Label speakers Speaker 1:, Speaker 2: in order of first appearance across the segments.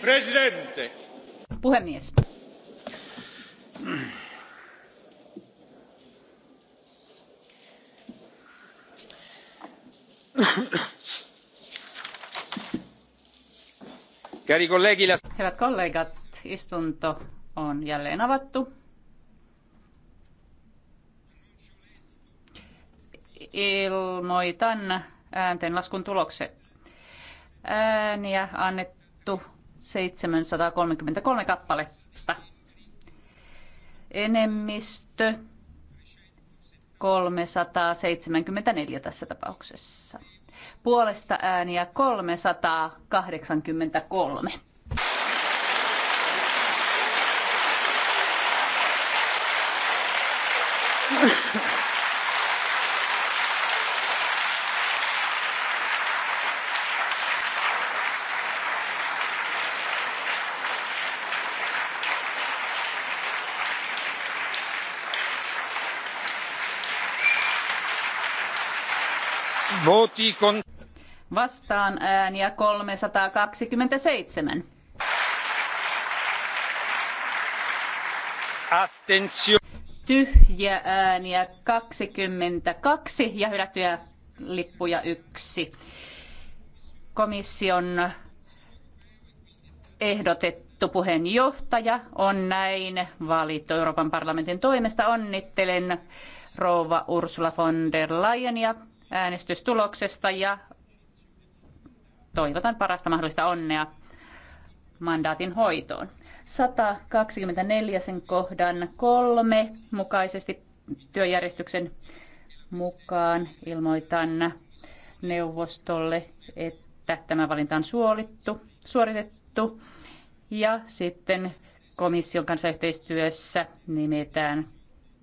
Speaker 1: arvoisa
Speaker 2: Puhemies. Hyvät kollegat, istunto on jälleen avattu. Ilmoitan ääntenlaskun tulokset. Ääniä annettu 733 kappaletta. Enemmistö 374 tässä tapauksessa. Puolesta ääniä 383. Vastaan ääniä 327.
Speaker 3: Astensio.
Speaker 2: Tyhjiä ääniä 22 ja hylättyjä lippuja yksi. Komission ehdotettu puheenjohtaja on näin valittu Euroopan parlamentin toimesta. Onnittelen rouva Ursula von der Leyenia äänestystuloksesta ja toivotan parasta mahdollista onnea mandaatin hoitoon. 124 sen kohdan kolme mukaisesti työjärjestyksen mukaan ilmoitan neuvostolle, että tämä valinta on suolittu, suoritettu ja sitten komission kanssa yhteistyössä nimetään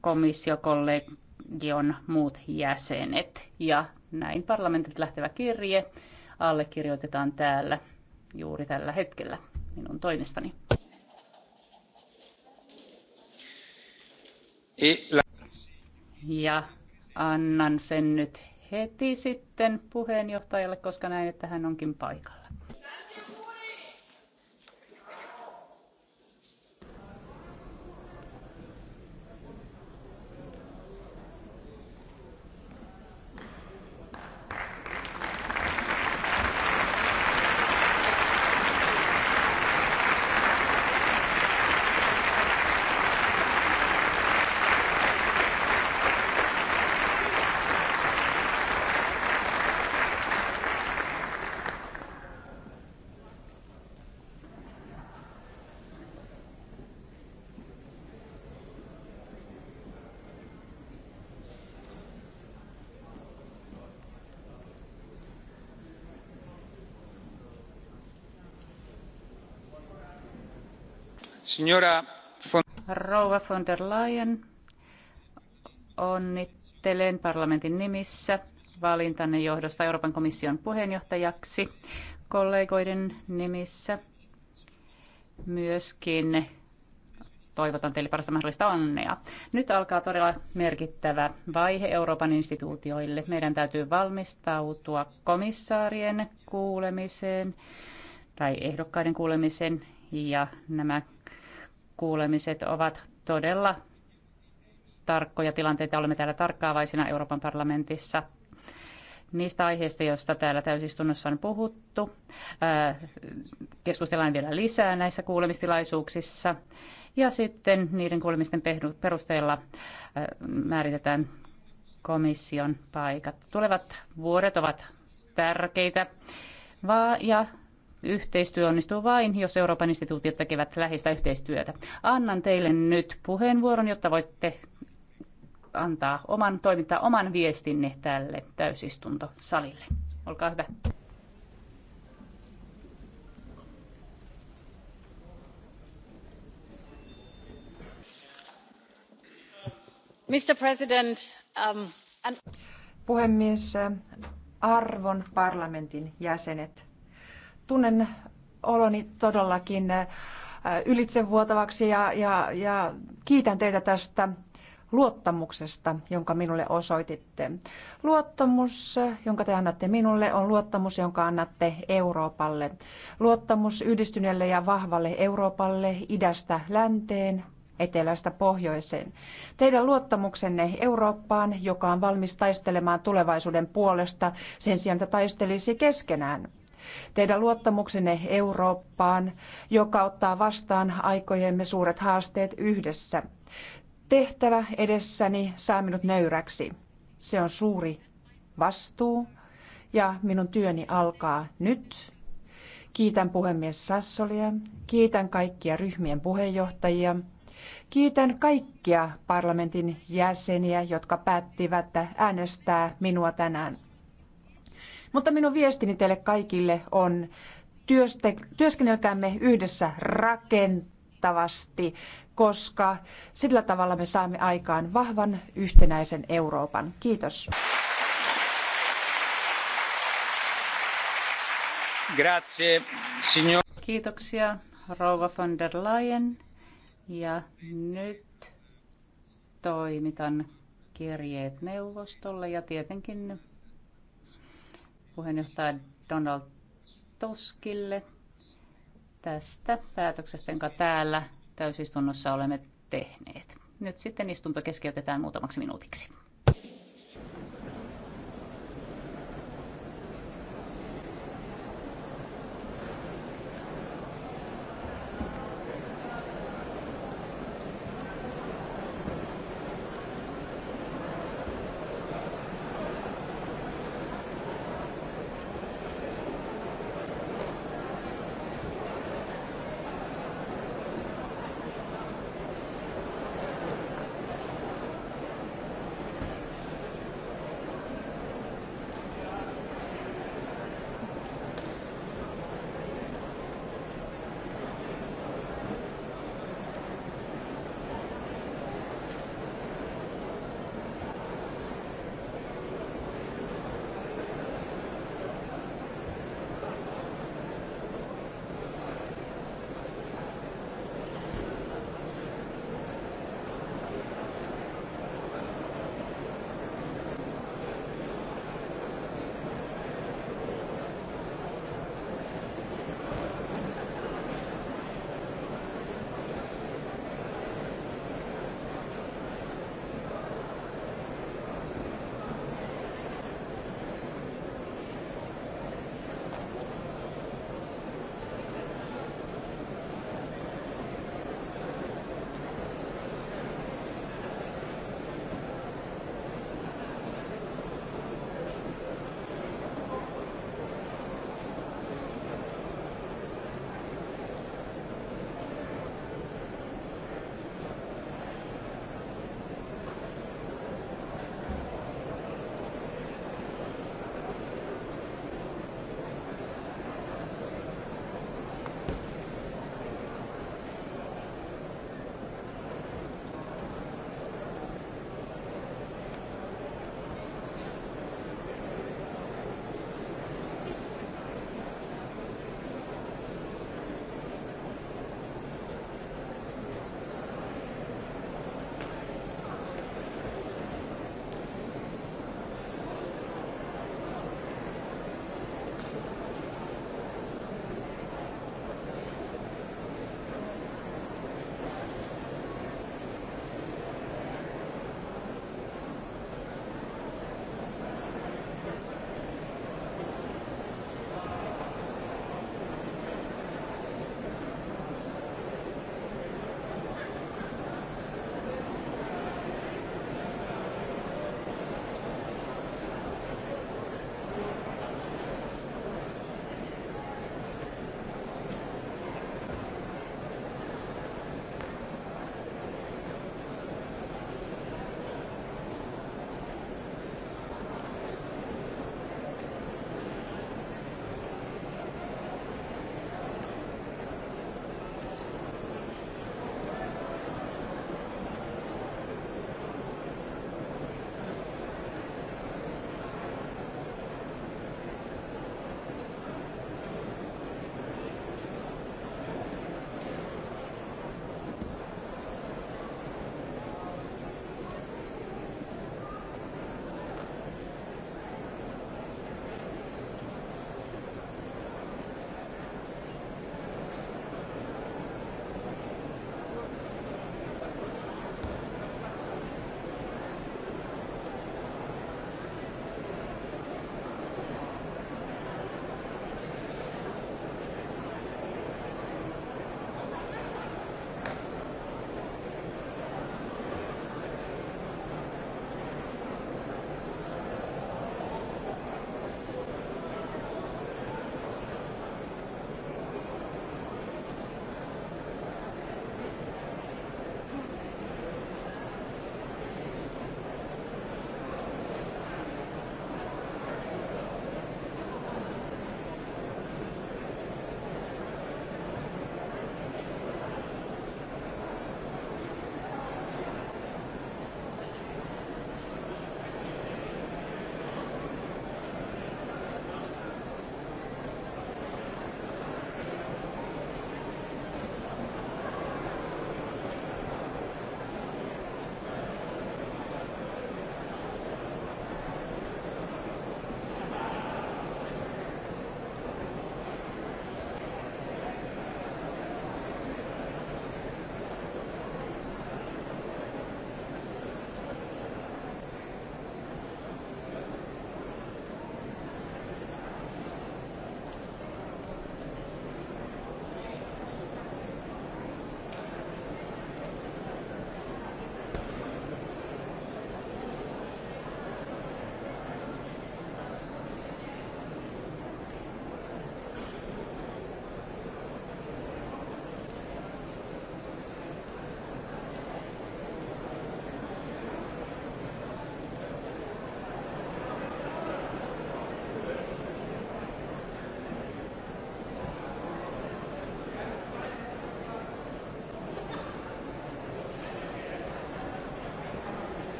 Speaker 2: komissiokollega Gion muut jäsenet. Ja näin parlamentit lähtevä kirje allekirjoitetaan täällä juuri tällä hetkellä minun toimestani e Ja annan sen nyt heti sitten puheenjohtajalle, koska näin, että hän onkin paikalla. Rouva von der Leyen, onnittelen parlamentin nimissä valintanne johdosta Euroopan komission puheenjohtajaksi kollegoiden nimissä. Myöskin toivotan teille parasta mahdollista onnea. Nyt alkaa todella merkittävä vaihe Euroopan instituutioille. Meidän täytyy valmistautua komissaarien kuulemiseen tai ehdokkaiden kuulemiseen ja nämä kuulemiset ovat todella tarkkoja tilanteita. Olemme täällä tarkkaavaisina Euroopan parlamentissa niistä aiheista, joista täällä täysistunnossa on puhuttu. Äh, keskustellaan vielä lisää näissä kuulemistilaisuuksissa. Ja sitten niiden kuulemisten perusteella äh, määritetään komission paikat. Tulevat vuodet ovat tärkeitä ja Yhteistyö onnistuu vain, jos Euroopan instituutiot tekevät läheistä yhteistyötä. Annan teille nyt puheenvuoron, jotta voitte antaa oman, toimittaa oman viestinne tälle täysistuntosalille. Olkaa hyvä.
Speaker 1: Mr. President, um, and... Puhemies, arvon parlamentin jäsenet tunnen oloni todellakin äh, ylitsevuotavaksi ja, ja, ja kiitän teitä tästä luottamuksesta, jonka minulle osoititte. Luottamus, jonka te annatte minulle, on luottamus, jonka annatte Euroopalle. Luottamus yhdistyneelle ja vahvalle Euroopalle idästä länteen, etelästä pohjoiseen. Teidän luottamuksenne Eurooppaan, joka on valmis taistelemaan tulevaisuuden puolesta sen sijaan, että taistelisi keskenään – Teidän luottamuksenne Eurooppaan, joka ottaa vastaan aikojemme suuret haasteet yhdessä. Tehtävä edessäni saa minut nöyräksi. Se on suuri vastuu ja minun työni alkaa nyt. Kiitän puhemies Sassolia, kiitän kaikkia ryhmien puheenjohtajia, kiitän kaikkia parlamentin jäseniä, jotka päättivät äänestää minua tänään. Mutta minun viestini teille kaikille on, työste, työskennelkäämme yhdessä rakentavasti, koska sillä tavalla me saamme aikaan vahvan yhtenäisen Euroopan. Kiitos. Grazie, signor.
Speaker 2: Kiitoksia, rouva von der Leyen. Ja nyt toimitan kirjeet neuvostolle ja tietenkin puheenjohtaja Donald Tuskille tästä päätöksestä, jonka täällä täysistunnossa olemme tehneet. Nyt sitten istunto keskeytetään muutamaksi minuutiksi.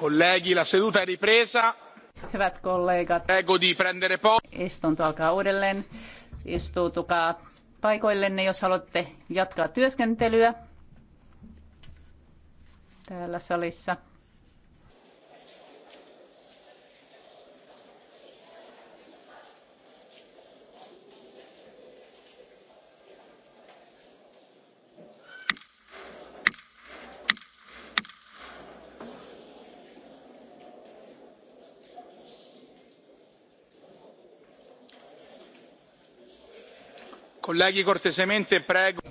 Speaker 1: Colleghi, la seduta è ripresa.
Speaker 2: Hyvät kollegat, Prego
Speaker 1: di prendere posto.
Speaker 2: istunto alkaa uudelleen. Istuutukaa paikoillenne, jos haluatte jatkaa työskentelyä täällä salissa.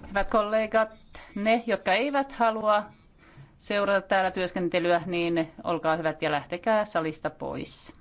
Speaker 2: Hyvät kollegat, ne, jotka eivät halua seurata täällä työskentelyä, niin olkaa hyvät ja lähtekää salista pois.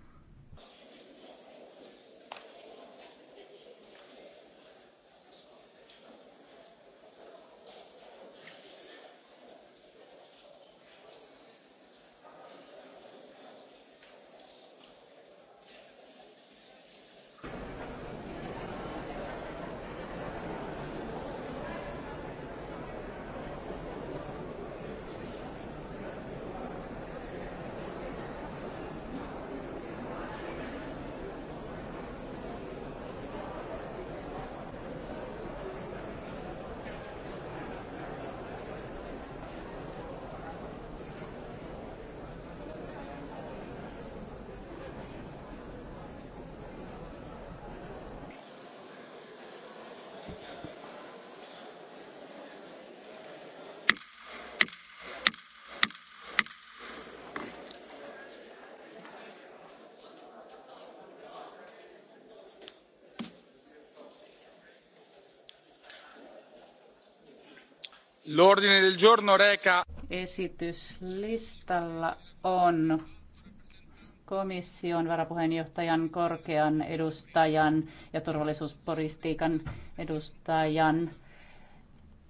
Speaker 2: L'ordine del giorno reca... Esityslistalla on komission varapuheenjohtajan, korkean edustajan ja turvallisuuspolitiikan edustajan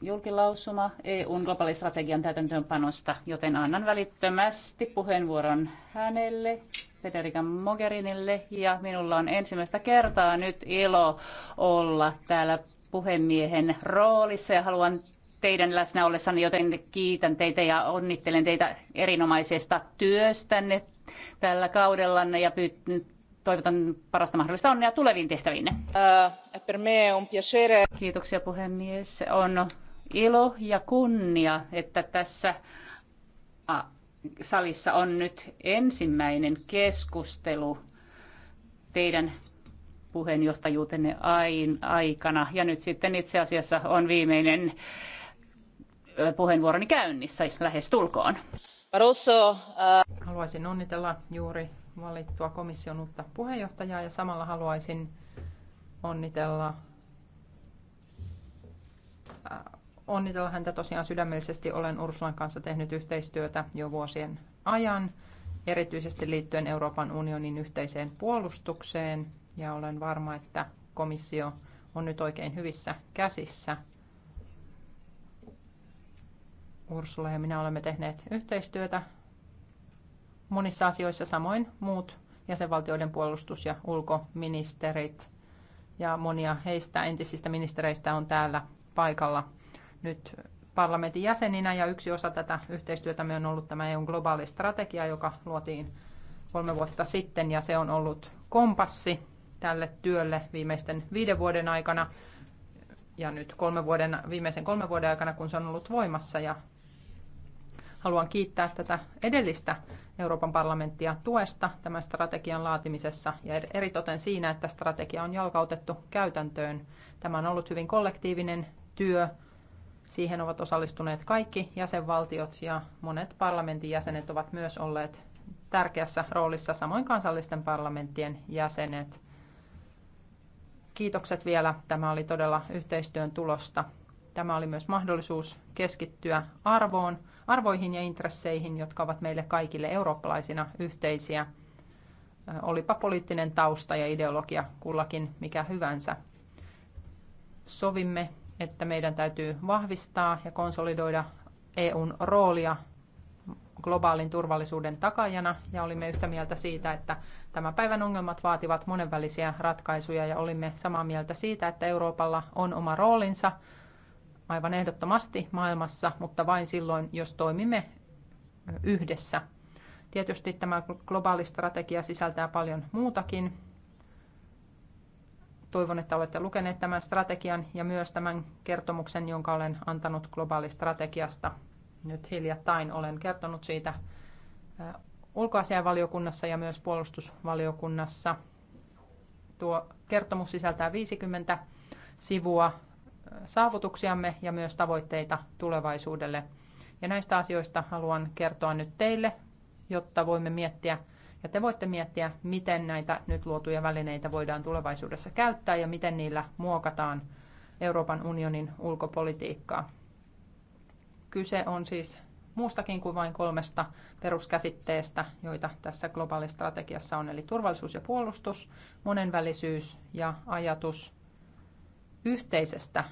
Speaker 2: julkilausuma EUn globaalistrategian täytäntöönpanosta, joten annan välittömästi puheenvuoron hänelle, Federica Mogherinille, ja minulla on ensimmäistä kertaa nyt ilo olla täällä puhemiehen roolissa ja haluan teidän läsnä ollessanne, joten kiitän teitä ja onnittelen teitä erinomaisesta työstänne tällä kaudellanne ja toivotan parasta mahdollista onnea tuleviin tehtäviinne. Äh, Kiitoksia puhemies. On ilo ja kunnia, että tässä salissa on nyt ensimmäinen keskustelu teidän puheenjohtajuutenne aikana. Ja nyt sitten itse asiassa on viimeinen puheenvuoroni käynnissä lähes tulkoon.
Speaker 3: Uh, haluaisin onnitella juuri valittua komission uutta puheenjohtajaa ja samalla haluaisin onnitella äh, onnitella häntä tosiaan sydämellisesti. Olen Ursulan kanssa tehnyt yhteistyötä jo vuosien ajan, erityisesti liittyen Euroopan unionin yhteiseen puolustukseen. Ja olen varma, että komissio on nyt oikein hyvissä käsissä. Ursula ja minä olemme tehneet yhteistyötä monissa asioissa, samoin muut jäsenvaltioiden puolustus- ja ulkoministerit. Ja monia heistä entisistä ministereistä on täällä paikalla nyt parlamentin jäseninä. Ja yksi osa tätä me on ollut tämä EUn globaali strategia, joka luotiin kolme vuotta sitten. Ja se on ollut kompassi tälle työlle viimeisten viiden vuoden aikana ja nyt kolme vuoden, viimeisen kolmen vuoden aikana, kun se on ollut voimassa. Ja Haluan kiittää tätä edellistä Euroopan parlamenttia tuesta tämän strategian laatimisessa ja eritoten siinä, että strategia on jalkautettu käytäntöön. Tämä on ollut hyvin kollektiivinen työ. Siihen ovat osallistuneet kaikki jäsenvaltiot ja monet parlamentin jäsenet ovat myös olleet tärkeässä roolissa, samoin kansallisten parlamenttien jäsenet. Kiitokset vielä. Tämä oli todella yhteistyön tulosta. Tämä oli myös mahdollisuus keskittyä arvoon, arvoihin ja intresseihin, jotka ovat meille kaikille eurooppalaisina yhteisiä, olipa poliittinen tausta ja ideologia kullakin mikä hyvänsä. Sovimme, että meidän täytyy vahvistaa ja konsolidoida EUn roolia globaalin turvallisuuden takajana ja olimme yhtä mieltä siitä, että tämän päivän ongelmat vaativat monenvälisiä ratkaisuja ja olimme samaa mieltä siitä, että Euroopalla on oma roolinsa aivan ehdottomasti maailmassa, mutta vain silloin, jos toimimme yhdessä. Tietysti tämä globaali strategia sisältää paljon muutakin. Toivon, että olette lukeneet tämän strategian ja myös tämän kertomuksen, jonka olen antanut globaalistrategiasta. Nyt hiljattain olen kertonut siitä ulkoasiainvaliokunnassa ja myös puolustusvaliokunnassa. Tuo kertomus sisältää 50 sivua saavutuksiamme ja myös tavoitteita tulevaisuudelle. Ja näistä asioista haluan kertoa nyt teille, jotta voimme miettiä ja te voitte miettiä, miten näitä nyt luotuja välineitä voidaan tulevaisuudessa käyttää ja miten niillä muokataan Euroopan unionin ulkopolitiikkaa. Kyse on siis muustakin kuin vain kolmesta peruskäsitteestä, joita tässä globaalistrategiassa on, eli turvallisuus ja puolustus, monenvälisyys ja ajatus yhteisestä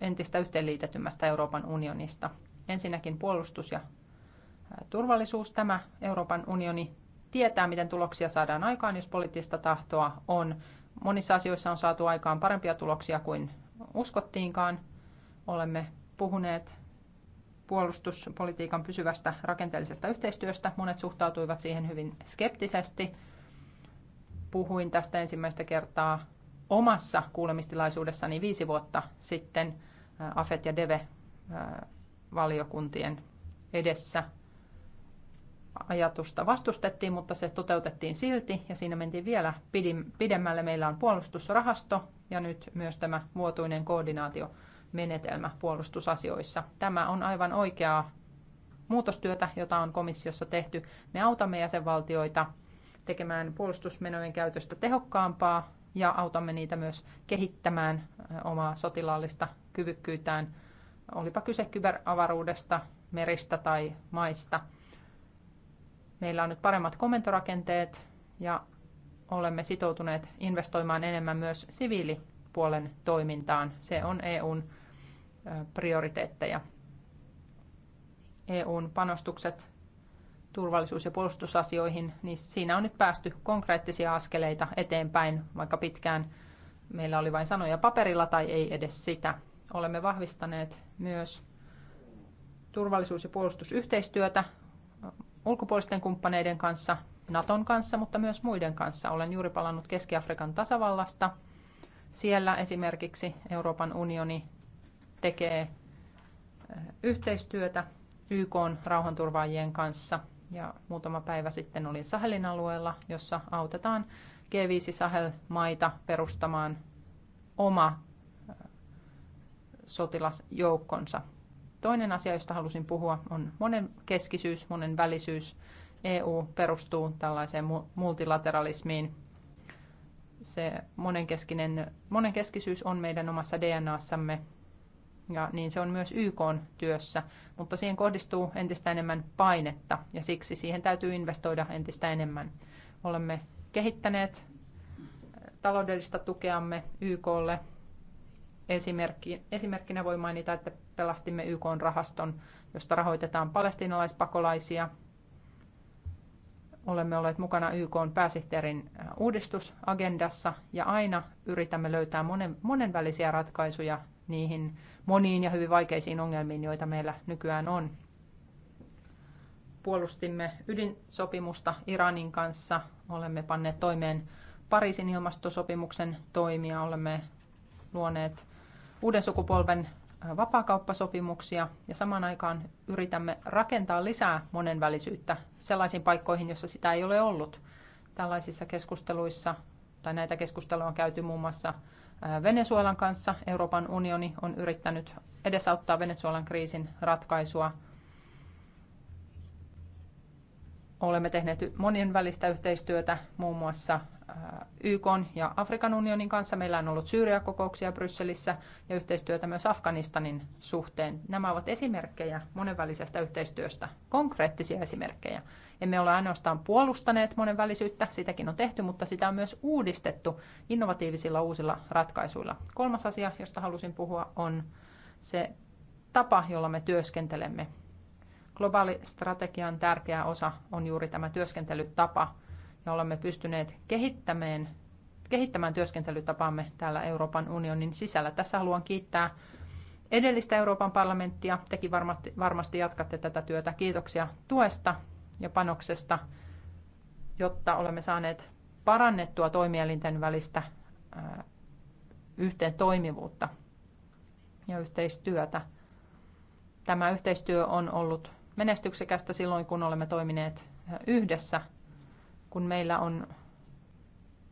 Speaker 3: entistä yhteenliitetymmästä Euroopan unionista. Ensinnäkin puolustus ja turvallisuus. Tämä Euroopan unioni tietää, miten tuloksia saadaan aikaan, jos poliittista tahtoa on. Monissa asioissa on saatu aikaan parempia tuloksia kuin uskottiinkaan. Olemme puhuneet puolustuspolitiikan pysyvästä rakenteellisesta yhteistyöstä. Monet suhtautuivat siihen hyvin skeptisesti. Puhuin tästä ensimmäistä kertaa omassa kuulemistilaisuudessani viisi vuotta sitten AFET ja DEVE-valiokuntien edessä ajatusta vastustettiin, mutta se toteutettiin silti ja siinä mentiin vielä pidemmälle. Meillä on puolustusrahasto ja nyt myös tämä vuotuinen koordinaatiomenetelmä puolustusasioissa. Tämä on aivan oikeaa muutostyötä, jota on komissiossa tehty. Me autamme jäsenvaltioita tekemään puolustusmenojen käytöstä tehokkaampaa ja autamme niitä myös kehittämään omaa sotilaallista kyvykkyytään, olipa kyse kyberavaruudesta, meristä tai maista. Meillä on nyt paremmat komentorakenteet ja olemme sitoutuneet investoimaan enemmän myös siviilipuolen toimintaan. Se on EUn prioriteetteja. EUn panostukset turvallisuus- ja puolustusasioihin, niin siinä on nyt päästy konkreettisia askeleita eteenpäin, vaikka pitkään meillä oli vain sanoja paperilla tai ei edes sitä. Olemme vahvistaneet myös turvallisuus- ja puolustusyhteistyötä ulkopuolisten kumppaneiden kanssa, Naton kanssa, mutta myös muiden kanssa. Olen juuri palannut Keski-Afrikan tasavallasta. Siellä esimerkiksi Euroopan unioni tekee eh, yhteistyötä YK rauhanturvaajien kanssa – ja muutama päivä sitten olin Sahelin alueella, jossa autetaan G5 Sahel-maita perustamaan oma sotilasjoukkonsa. Toinen asia, josta halusin puhua, on monen keskisyys, monen välisyys. EU perustuu tällaiseen multilateralismiin. Se monenkeskinen, monenkeskisyys on meidän omassa DNAssamme ja niin se on myös YK työssä, mutta siihen kohdistuu entistä enemmän painetta ja siksi siihen täytyy investoida entistä enemmän. Olemme kehittäneet taloudellista tukeamme YKlle. Esimerkki, esimerkkinä voi mainita, että pelastimme YK-rahaston, josta rahoitetaan palestiinalaispakolaisia – Olemme olleet mukana YK pääsihteerin uudistusagendassa ja aina yritämme löytää monen, monenvälisiä ratkaisuja niihin moniin ja hyvin vaikeisiin ongelmiin, joita meillä nykyään on. Puolustimme ydinsopimusta Iranin kanssa, olemme panneet toimeen Pariisin ilmastosopimuksen toimia, olemme luoneet uuden sukupolven vapaakauppasopimuksia ja samaan aikaan yritämme rakentaa lisää monenvälisyyttä sellaisiin paikkoihin, joissa sitä ei ole ollut. Tällaisissa keskusteluissa, tai näitä keskusteluja on käyty muun muassa Venezuelan kanssa. Euroopan unioni on yrittänyt edesauttaa Venezuelan kriisin ratkaisua. Olemme tehneet monenvälistä yhteistyötä muun muassa YK ja Afrikan unionin kanssa. Meillä on ollut Syyriakokouksia Brysselissä ja yhteistyötä myös Afganistanin suhteen. Nämä ovat esimerkkejä monenvälisestä yhteistyöstä, konkreettisia esimerkkejä. Emme ole ainoastaan puolustaneet monenvälisyyttä, sitäkin on tehty, mutta sitä on myös uudistettu innovatiivisilla uusilla ratkaisuilla. Kolmas asia, josta halusin puhua, on se tapa, jolla me työskentelemme. Globaali strategian tärkeä osa on juuri tämä työskentelytapa – me olemme pystyneet kehittämään, kehittämään työskentelytapaamme täällä Euroopan unionin sisällä. Tässä haluan kiittää edellistä Euroopan parlamenttia. Tekin varmasti, varmasti jatkatte tätä työtä. Kiitoksia tuesta ja panoksesta, jotta olemme saaneet parannettua toimielinten välistä yhteen toimivuutta ja yhteistyötä. Tämä yhteistyö on ollut menestyksekästä silloin, kun olemme toimineet yhdessä kun meillä on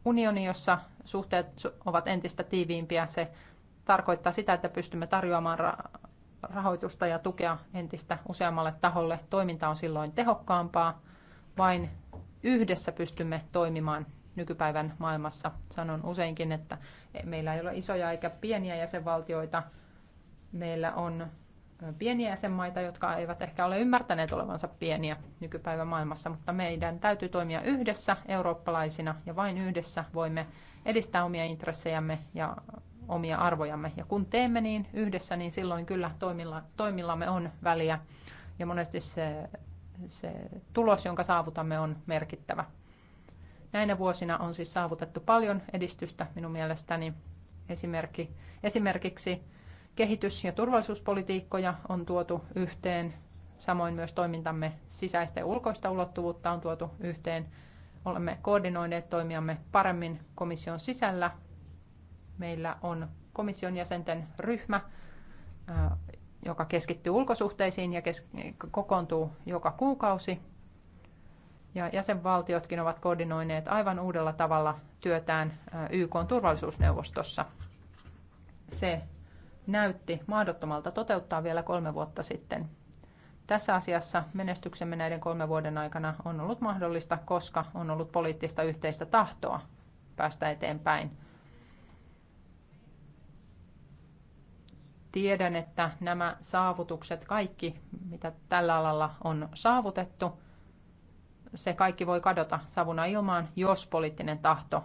Speaker 3: unioni, jossa suhteet ovat entistä tiiviimpiä, se tarkoittaa sitä, että pystymme tarjoamaan rahoitusta ja tukea entistä useammalle taholle. Toiminta on silloin tehokkaampaa. Vain yhdessä pystymme toimimaan nykypäivän maailmassa. Sanon useinkin, että meillä ei ole isoja eikä pieniä jäsenvaltioita. Meillä on pieniä jäsenmaita, jotka eivät ehkä ole ymmärtäneet olevansa pieniä nykypäivän maailmassa, mutta meidän täytyy toimia yhdessä eurooppalaisina ja vain yhdessä voimme edistää omia intressejämme ja omia arvojamme. Ja kun teemme niin yhdessä, niin silloin kyllä toimilla, toimillamme on väliä ja monesti se, se tulos, jonka saavutamme, on merkittävä. Näinä vuosina on siis saavutettu paljon edistystä minun mielestäni. Esimerkki, esimerkiksi Kehitys- ja turvallisuuspolitiikkoja on tuotu yhteen, samoin myös toimintamme sisäistä ja ulkoista ulottuvuutta on tuotu yhteen. Olemme koordinoineet toimiamme paremmin komission sisällä. Meillä on komission jäsenten ryhmä, joka keskittyy ulkosuhteisiin ja kokoontuu joka kuukausi. Ja jäsenvaltiotkin ovat koordinoineet aivan uudella tavalla työtään YK turvallisuusneuvostossa. Se näytti mahdottomalta toteuttaa vielä kolme vuotta sitten. Tässä asiassa menestyksemme näiden kolmen vuoden aikana on ollut mahdollista, koska on ollut poliittista yhteistä tahtoa päästä eteenpäin. Tiedän, että nämä saavutukset, kaikki mitä tällä alalla on saavutettu, se kaikki voi kadota savuna ilmaan, jos poliittinen tahto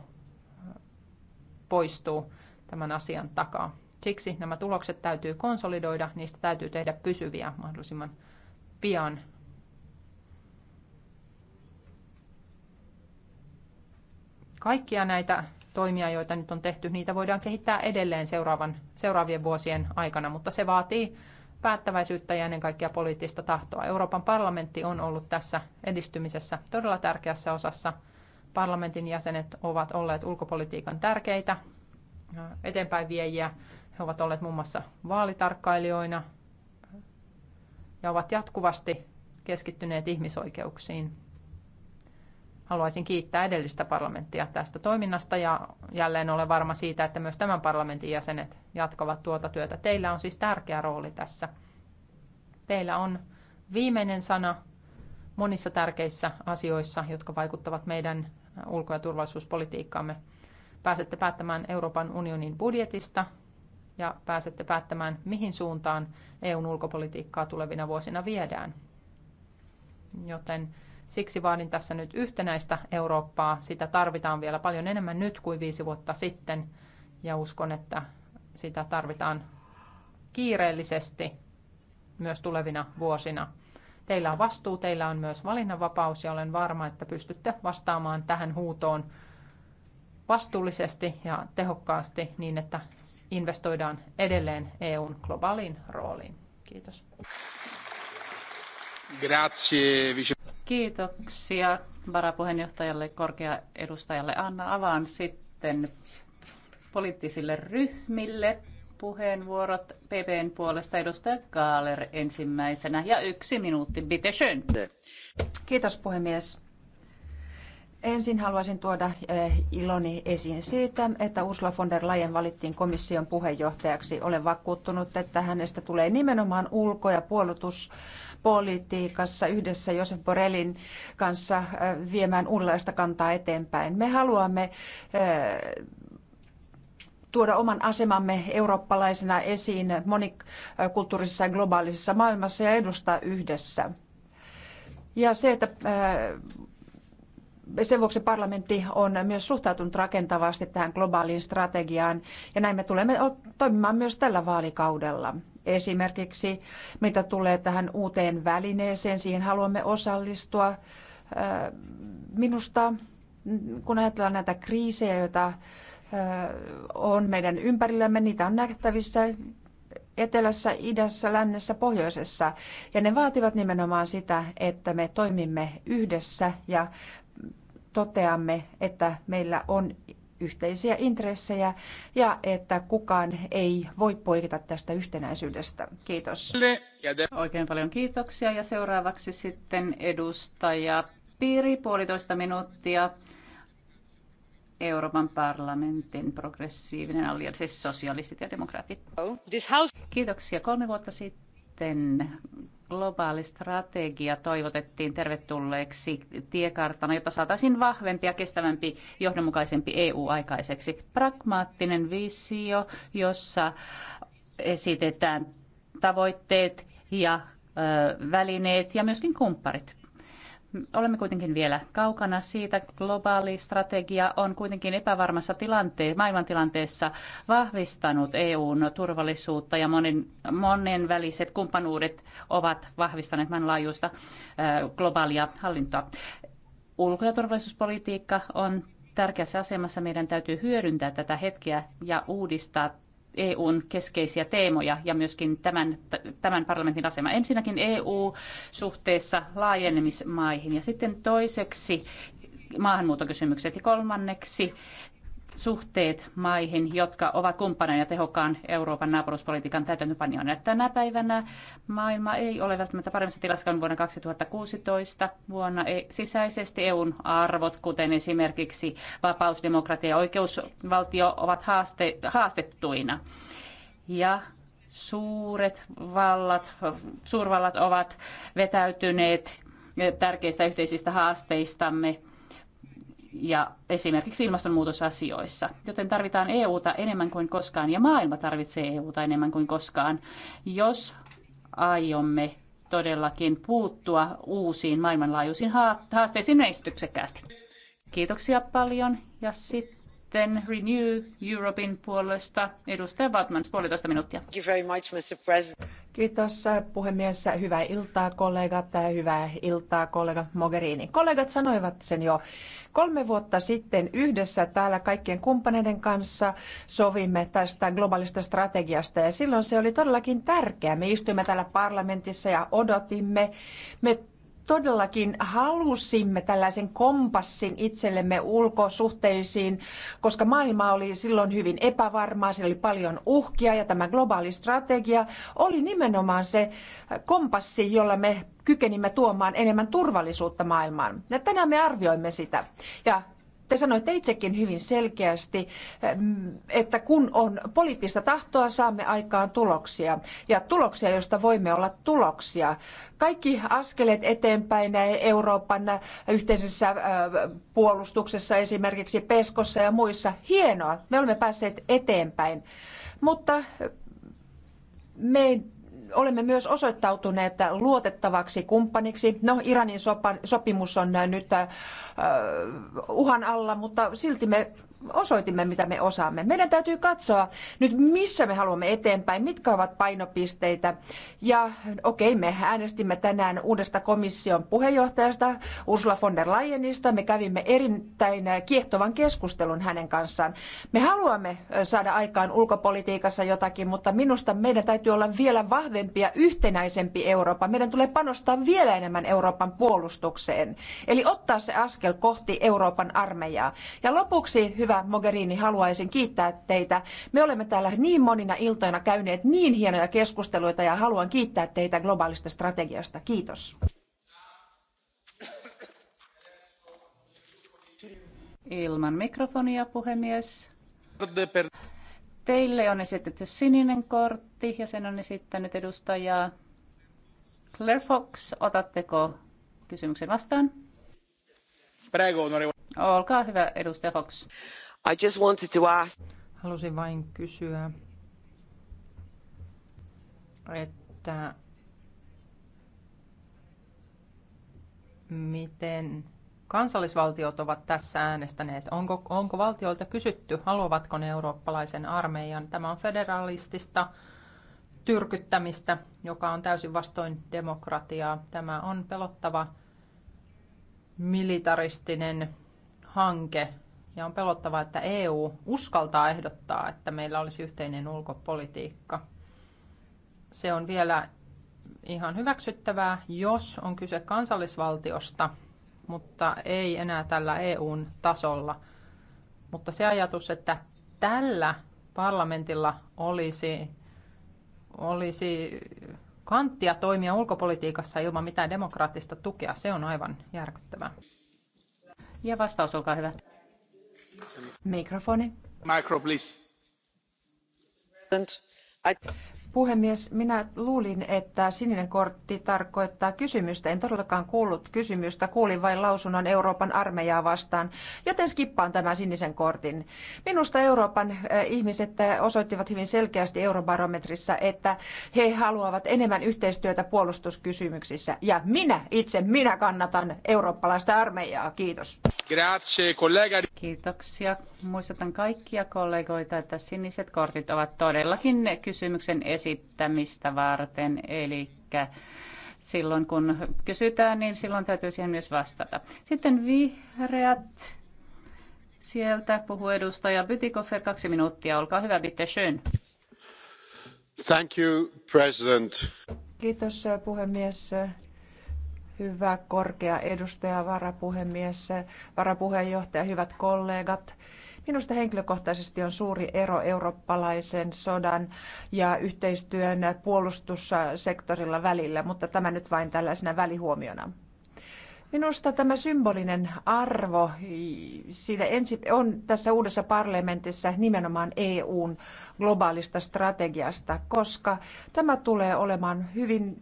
Speaker 3: poistuu tämän asian takaa. Siksi nämä tulokset täytyy konsolidoida, niistä täytyy tehdä pysyviä mahdollisimman pian. Kaikkia näitä toimia, joita nyt on tehty, niitä voidaan kehittää edelleen seuraavan, seuraavien vuosien aikana, mutta se vaatii päättäväisyyttä ja ennen kaikkea poliittista tahtoa. Euroopan parlamentti on ollut tässä edistymisessä todella tärkeässä osassa. Parlamentin jäsenet ovat olleet ulkopolitiikan tärkeitä eteenpäin viejiä he ovat olleet muun muassa vaalitarkkailijoina ja ovat jatkuvasti keskittyneet ihmisoikeuksiin. Haluaisin kiittää edellistä parlamenttia tästä toiminnasta ja jälleen olen varma siitä, että myös tämän parlamentin jäsenet jatkavat tuota työtä. Teillä on siis tärkeä rooli tässä. Teillä on viimeinen sana monissa tärkeissä asioissa, jotka vaikuttavat meidän ulko- ja turvallisuuspolitiikkaamme. Pääsette päättämään Euroopan unionin budjetista, ja pääsette päättämään, mihin suuntaan EUn ulkopolitiikkaa tulevina vuosina viedään. Joten siksi vaadin tässä nyt yhtenäistä Eurooppaa. Sitä tarvitaan vielä paljon enemmän nyt kuin viisi vuotta sitten. Ja uskon, että sitä tarvitaan kiireellisesti myös tulevina vuosina. Teillä on vastuu, teillä on myös valinnanvapaus ja olen varma, että pystytte vastaamaan tähän huutoon vastuullisesti ja tehokkaasti niin, että investoidaan edelleen EUn globaaliin rooliin. Kiitos.
Speaker 1: Grazie.
Speaker 2: Kiitoksia varapuheenjohtajalle, korkea edustajalle Anna. Avaan sitten poliittisille ryhmille puheenvuorot PPn puolesta. Edustaja Kaaler ensimmäisenä ja yksi minuutti, bitte schön.
Speaker 1: Kiitos puhemies. Ensin haluaisin tuoda eh, iloni esiin siitä, että Ursula von der Leyen valittiin komission puheenjohtajaksi. Olen vakuuttunut, että hänestä tulee nimenomaan ulko- ja puolustuspolitiikassa yhdessä Josep Borrellin kanssa eh, viemään uudenlaista kantaa eteenpäin. Me haluamme eh, tuoda oman asemamme eurooppalaisena esiin monikulttuurisessa ja globaalisessa maailmassa ja edustaa yhdessä. Ja se, että sen vuoksi parlamentti on myös suhtautunut rakentavasti tähän globaaliin strategiaan ja näin me tulemme toimimaan myös tällä vaalikaudella. Esimerkiksi mitä tulee tähän uuteen välineeseen, siihen haluamme osallistua. Minusta kun ajatellaan näitä kriisejä, joita on meidän ympärillämme, niitä on nähtävissä etelässä, idässä, lännessä, pohjoisessa. Ja ne vaativat nimenomaan sitä, että me toimimme yhdessä ja toteamme, että meillä on yhteisiä intressejä ja että kukaan ei voi poiketa tästä yhtenäisyydestä. Kiitos. Oikein paljon kiitoksia ja seuraavaksi sitten
Speaker 2: edustaja Piiri, puolitoista minuuttia. Euroopan parlamentin progressiivinen allianssi sosialistit ja demokraatit. Kiitoksia. Kolme vuotta sitten globaali strategia toivotettiin tervetulleeksi tiekarttana, jotta saataisiin vahvempi ja kestävämpi, johdonmukaisempi EU aikaiseksi. Pragmaattinen visio, jossa esitetään tavoitteet ja välineet ja myöskin kumpparit. Olemme kuitenkin vielä kaukana siitä. Globaali strategia on kuitenkin epävarmassa tilanteessa, maailmantilanteessa vahvistanut EUn turvallisuutta ja monen, väliset kumppanuudet ovat vahvistaneet maailmanlaajuista globaalia hallintoa. Ulko- ja turvallisuuspolitiikka on tärkeässä asemassa. Meidän täytyy hyödyntää tätä hetkeä ja uudistaa EUn keskeisiä teemoja ja myöskin tämän, tämän parlamentin asema. Ensinnäkin EU suhteessa laajenemismaihin ja sitten toiseksi maahanmuuttokysymykset ja kolmanneksi suhteet maihin, jotka ovat kumppaneina tehokkaan Euroopan naapuruspolitiikan täytäntöpanijoina. Tänä päivänä maailma ei ole välttämättä paremmassa tilassa kuin vuonna 2016. Vuonna e- sisäisesti EUn arvot, kuten esimerkiksi vapaus, demokratia ja oikeusvaltio, ovat haaste, haastettuina. Ja suuret vallat, suurvallat ovat vetäytyneet tärkeistä yhteisistä haasteistamme ja esimerkiksi ilmastonmuutosasioissa. Joten tarvitaan EUta enemmän kuin koskaan ja maailma tarvitsee EUta enemmän kuin koskaan, jos aiomme todellakin puuttua uusiin maailmanlaajuisiin haasteisiin menestyksekkäästi. Kiitoksia paljon ja sitten Renew Europein puolesta edustaja Batmans puolitoista minuuttia.
Speaker 1: Kiitos puhemies. Hyvää iltaa kollegat. Hyvää iltaa kollega Mogherini. Kollegat sanoivat sen jo kolme vuotta sitten yhdessä täällä kaikkien kumppaneiden kanssa sovimme tästä globaalista strategiasta ja silloin se oli todellakin tärkeää. Me istuimme täällä parlamentissa ja odotimme. Me todellakin halusimme tällaisen kompassin itsellemme ulkosuhteisiin, koska maailma oli silloin hyvin epävarmaa, siellä oli paljon uhkia ja tämä globaali strategia oli nimenomaan se kompassi, jolla me kykenimme tuomaan enemmän turvallisuutta maailmaan. Ja tänään me arvioimme sitä. Ja te sanoitte itsekin hyvin selkeästi, mm, että kun on poliittista tahtoa, saamme aikaan tuloksia. Ja tuloksia, joista voimme olla tuloksia. Kaikki askeleet eteenpäin Euroopan yhteisessä puolustuksessa, esimerkiksi Peskossa ja muissa. Hienoa, me olemme päässeet eteenpäin. Mutta me olemme myös osoittautuneet luotettavaksi kumppaniksi. No, Iranin sopimus on nyt äh, uhan alla, mutta silti me osoitimme, mitä me osaamme. Meidän täytyy katsoa nyt, missä me haluamme eteenpäin, mitkä ovat painopisteitä. Ja okei, okay, me äänestimme tänään uudesta komission puheenjohtajasta Ursula von der Leyenista. Me kävimme erittäin kiehtovan keskustelun hänen kanssaan. Me haluamme saada aikaan ulkopolitiikassa jotakin, mutta minusta meidän täytyy olla vielä vahvempi ja yhtenäisempi Eurooppa. Meidän tulee panostaa vielä enemmän Euroopan puolustukseen. Eli ottaa se askel kohti Euroopan armeijaa. Ja lopuksi, hyvä hyvä Mogherini, haluaisin kiittää teitä. Me olemme täällä niin monina iltoina käyneet niin hienoja keskusteluita ja haluan kiittää teitä globaalista strategiasta. Kiitos. Ilman mikrofonia,
Speaker 2: puhemies. Teille on esitetty sininen kortti ja sen on esittänyt edustaja Claire Fox. Otatteko kysymyksen
Speaker 3: vastaan? Prego, Olkaa hyvä, edustaja Fox. I just wanted to ask. Halusin vain kysyä, että miten kansallisvaltiot ovat tässä äänestäneet. Onko, onko valtioilta kysytty, haluavatko ne eurooppalaisen armeijan? Tämä on federalistista tyrkyttämistä, joka on täysin vastoin demokratiaa. Tämä on pelottava militaristinen hanke ja on pelottavaa, että EU uskaltaa ehdottaa, että meillä olisi yhteinen ulkopolitiikka. Se on vielä ihan hyväksyttävää, jos on kyse kansallisvaltiosta, mutta ei enää tällä EUn tasolla. Mutta se ajatus, että tällä parlamentilla olisi, olisi kanttia toimia ulkopolitiikassa ilman mitään demokraattista tukea, se on aivan
Speaker 1: järkyttävää. Ja vastaus, olkaa hyvä. Mikrofoni.
Speaker 3: Micro, please.
Speaker 1: Puhemies, minä luulin, että sininen kortti tarkoittaa kysymystä. En todellakaan kuullut kysymystä, kuulin vain lausunnon Euroopan armeijaa vastaan, joten skippaan tämän sinisen kortin. Minusta Euroopan eh, ihmiset eh, osoittivat hyvin selkeästi eurobarometrissa, että he haluavat enemmän yhteistyötä puolustuskysymyksissä. Ja minä itse, minä kannatan eurooppalaista armeijaa. Kiitos.
Speaker 3: Grazie, kollega.
Speaker 1: Kiitoksia. Muistutan
Speaker 2: kaikkia kollegoita, että siniset kortit ovat todellakin kysymyksen esiin esittämistä varten, eli silloin kun kysytään, niin silloin täytyy siihen myös vastata. Sitten vihreät. Sieltä puhuu edustaja Bytikoffer, kaksi minuuttia. Olkaa hyvä, bitte schön.
Speaker 1: Thank you, President. Kiitos äh, puhemies. Hyvä korkea edustaja, varapuhemies, äh, varapuheenjohtaja, hyvät kollegat. Minusta henkilökohtaisesti on suuri ero eurooppalaisen sodan ja yhteistyön puolustussektorilla välillä, mutta tämä nyt vain tällaisena välihuomiona. Minusta tämä symbolinen arvo siinä ensi, on tässä uudessa parlamentissa nimenomaan EUn globaalista strategiasta, koska tämä tulee olemaan hyvin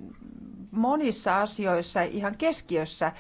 Speaker 1: monissa asioissa ihan keskiössä